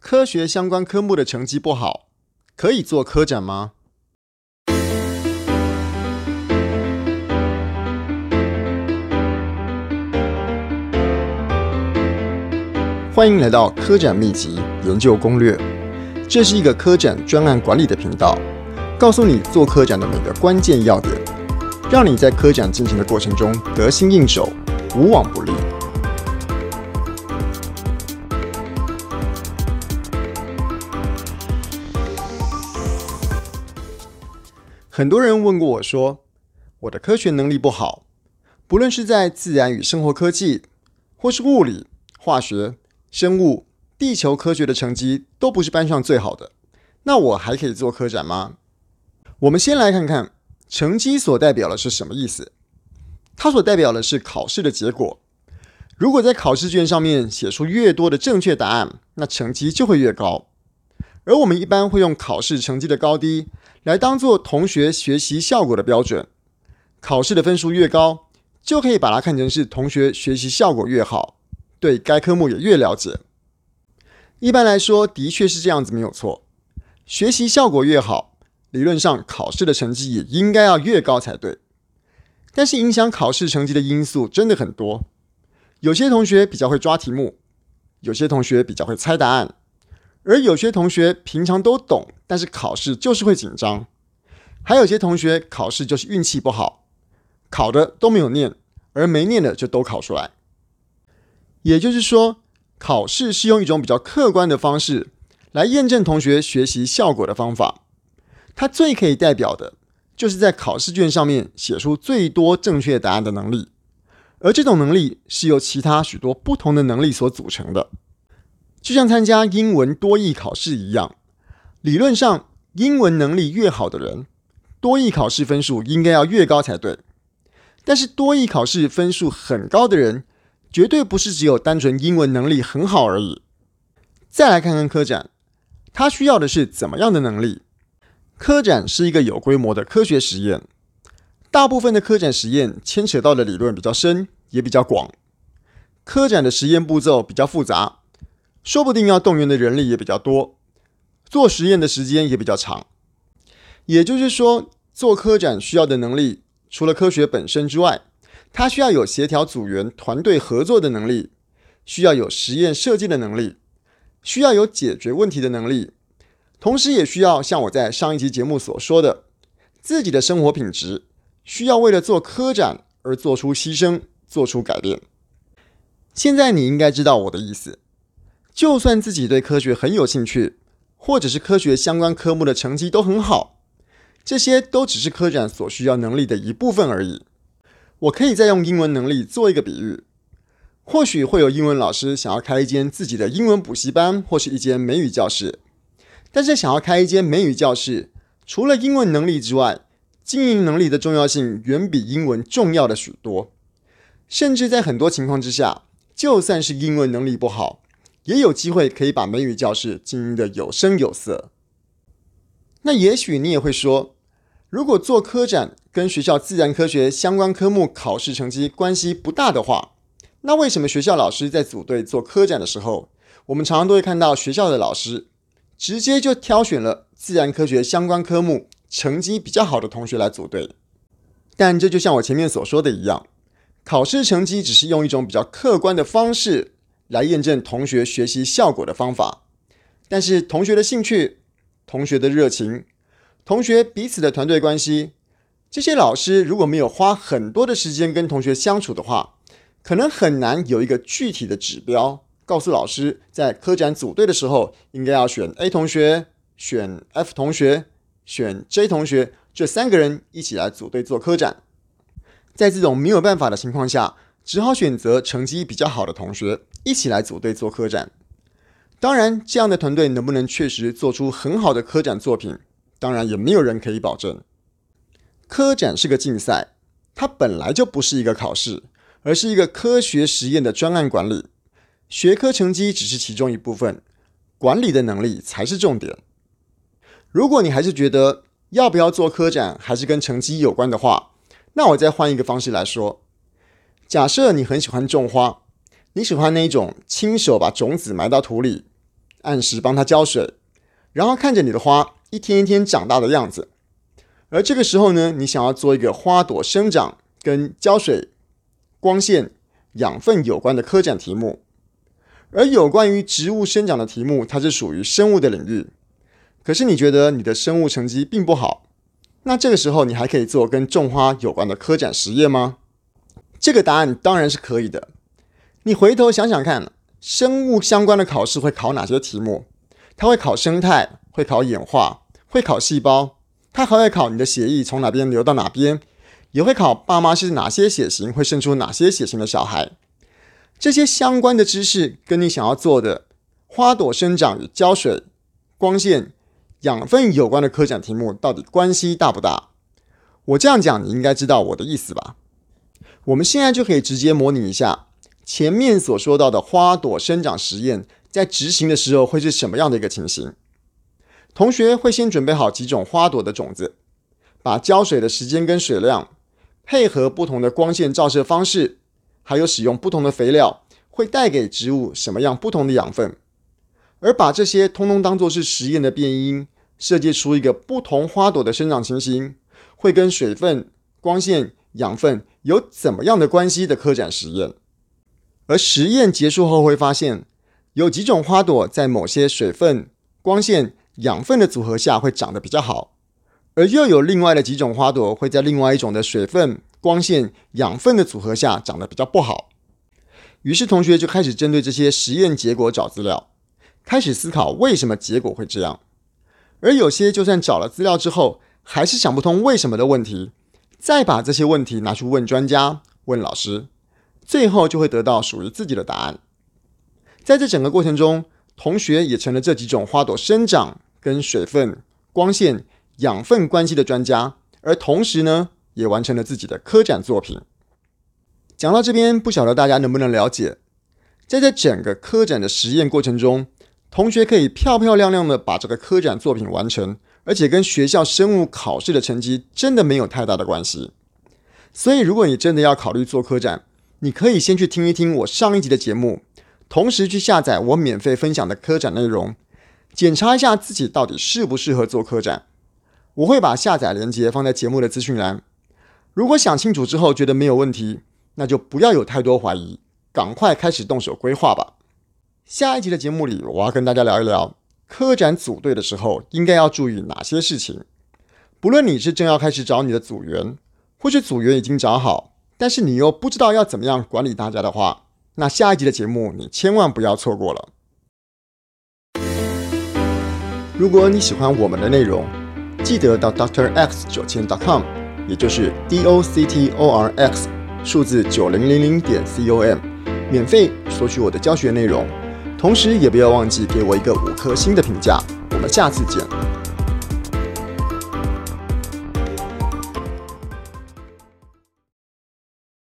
科學相關科目的成績不好，可以做科展嗎？歡迎來到科展秘籍研究攻略，這是一個科展專案管理的頻道，告訴你做科展的每個關鍵要點，讓你在科展進行的過程中得心應手，無往不利。很多人問過我說：“我的科學能力不好，不論是在自然與生活科技，或是物理、化學、生物、地球科學的成績，都不是班上最好的。那我還可以做科展嗎？”我們先來看看成績所代表的是什麼意思。它所代表的是考試的結果。如果在考試卷上面寫出越多的正確答案，那成績就會越高。而我們一般會用考試成績的高低來當做同學學習效果的標準，考試的分數越高，就可以把它看成是同學學習效果越好，對該科目也越了解。一般來說，的確是這樣子沒有錯，學習效果越好，理論上考試的成績也應該要越高才對。但是影響考試成績的因素真的很多，有些同學比較會抓題目，有些同學比較會猜答案。而有些同學平常都懂，但是考試就是會緊張；還有些同學考試就是運氣不好，考的都沒有念，而沒念的就都考出來。也就是說，考試是用一種比較客觀的方式來驗證同學學習效果的方法。它最可以代表的就是在考試卷上面寫出最多正確答案的能力，而這種能力是由其他許多不同的能力所組成的。就像參加英文多益考試一樣，理論上，英文能力越好的人，多益考試分數應該要越高才對。但是，多益考試分數很高的人，絕對不是只有單純英文能力很好而已。再來看看科展，他需要的是怎麼樣的能力？科展是一個有規模的科學實驗，大部分的科展實驗牽扯到的理論比較深，也比較廣，科展的實驗步驟比較複雜。說不定要動員的人力也比較多，做實驗的時間也比較長。也就是說，做科展需要的能力，除了科學本身之外，它需要有協調組員、團隊合作的能力，需要有實驗設計的能力，需要有解決問題的能力，同時也需要像我在上一期節目所說的，自己的生活品質需要為了做科展而做出犧牲、做出改變。現在你應該知道我的意思。就算自己對科學很有興趣，或者是科學相關科目的成績都很好，這些都只是科展所需要能力的一部分而已。我可以再用英文能力做一個比喻，或許會有英文老師想要開一間自己的英文補習班，或是一間美語教室。但是想要開一間美語教室，除了英文能力之外，經營能力的重要性遠比英文重要的許多。甚至在很多情況之下，就算是英文能力不好。也有機會可以把美語教室經營得有聲有色。那也許你也會說，如果做科展跟學校自然科學相關科目考試成績關係不大的話，那為什麼學校老師在組隊做科展的時候，我們常常都會看到學校的老師直接就挑選了自然科學相關科目成績比較好的同學來組隊？但這就像我前面所說的一樣，考試成績只是用一種比較客觀的方式。來驗證同學學習效果的方法，但是同學的興趣、同學的熱情、同學彼此的團隊關係，這些老師如果沒有花很多的時間跟同學相處的話，可能很難有一個具體的指標告訴老師，在科展組隊的時候，應該要選 A 同學、選 F 同學、選 J 同學這三個人一起來組隊做科展。在這種沒有辦法的情況下，只好選擇成績比較好的同學一起來組隊做科展。當然，這樣的團隊能不能確實做出很好的科展作品，當然也沒有人可以保證。科展是個競賽，它本來就不是一個考試，而是一個科學實驗的專案管理。學科成績只是其中一部分，管理的能力才是重點。如果你還是覺得要不要做科展還是跟成績有關的話，那我再換一個方式來說。假設你很喜歡種花，你喜歡那一種親手把種子埋到土裡，按時幫它澆水，然後看着你的花一天一天長大的樣子。而這個時候呢，你想要做一個花朵生長跟澆水、光線、養分有關的科展題目。而有關於植物生長的題目，它是屬於生物的領域。可是你覺得你的生物成績並不好，那這個時候你還可以做跟種花有關的科展實驗嗎？這個答案當然是可以的。你回頭想想看，生物相關的考試會考哪些題目？它會考生態，會考演化，會考細胞。它還會考你的血液從哪邊流到哪邊，也會考爸媽是哪些血型，會生出哪些血型的小孩。這些相關的知識跟你想要做的花朵生長與澆水、光線、養分有關的科展題目到底關係大不大？我這樣講，你應該知道我的意思吧？我們現在就可以直接模擬一下前面所說到的花朵生長實驗，在執行的時候會是什麼樣的一個情形？同學會先準備好幾種花朵的種子，把澆水的時間跟水量，配合不同的光線照射方式，還有使用不同的肥料，會帶給植物什麼樣不同的養分？而把這些通通當做是實驗的變因，設計出一個不同花朵的生長情形，會跟水分、光線、養分。有怎麼樣的關係的科展實驗，而實驗結束後會發現，有幾種花朵在某些水分、光線、養分的組合下會長得比較好，而又有另外的幾種花朵會在另外一種的水分、光線、養分的組合下長得比較不好。於是同學就開始針對這些實驗結果找資料，開始思考為什麼結果會這樣，而有些就算找了資料之後，還是想不通為什麼的問題。再把這些問題拿去問專家、問老師，最後就會得到屬於自己的答案。在這整個過程中，同學也成了這幾種花朵生長跟水分、光線、養分關係的專家，而同時呢，也完成了自己的科展作品。講到這邊，不曉得大家能不能了解，在這整個科展的實驗過程中，同學可以漂漂亮亮的把這個科展作品完成。而且跟學校生物考試的成績真的沒有太大的關係，所以如果你真的要考慮做科展，你可以先去聽一聽我上一集的節目，同時去下載我免費分享的科展內容，檢查一下自己到底適不適合做科展。我會把下載鏈接放在節目的資訊欄。如果想清楚之後覺得沒有問題，那就不要有太多懷疑，趕快開始動手規劃吧。下一集的節目裡，我要跟大家聊一聊。科展組隊的時候應該要注意哪些事情？不論你是正要開始找你的組員，或是組員已經找好，但是你又不知道要怎麼樣管理大家的話，那下一集的節目你千萬不要錯過了。如果你喜歡我們的內容，記得到 Doctor X 九千 dot com，也就是 D O C T O R X 數字九零零零點 C O M，免費索取我的教學內容。同時也不要忘記給我一個五顆星的評價，我們下次見。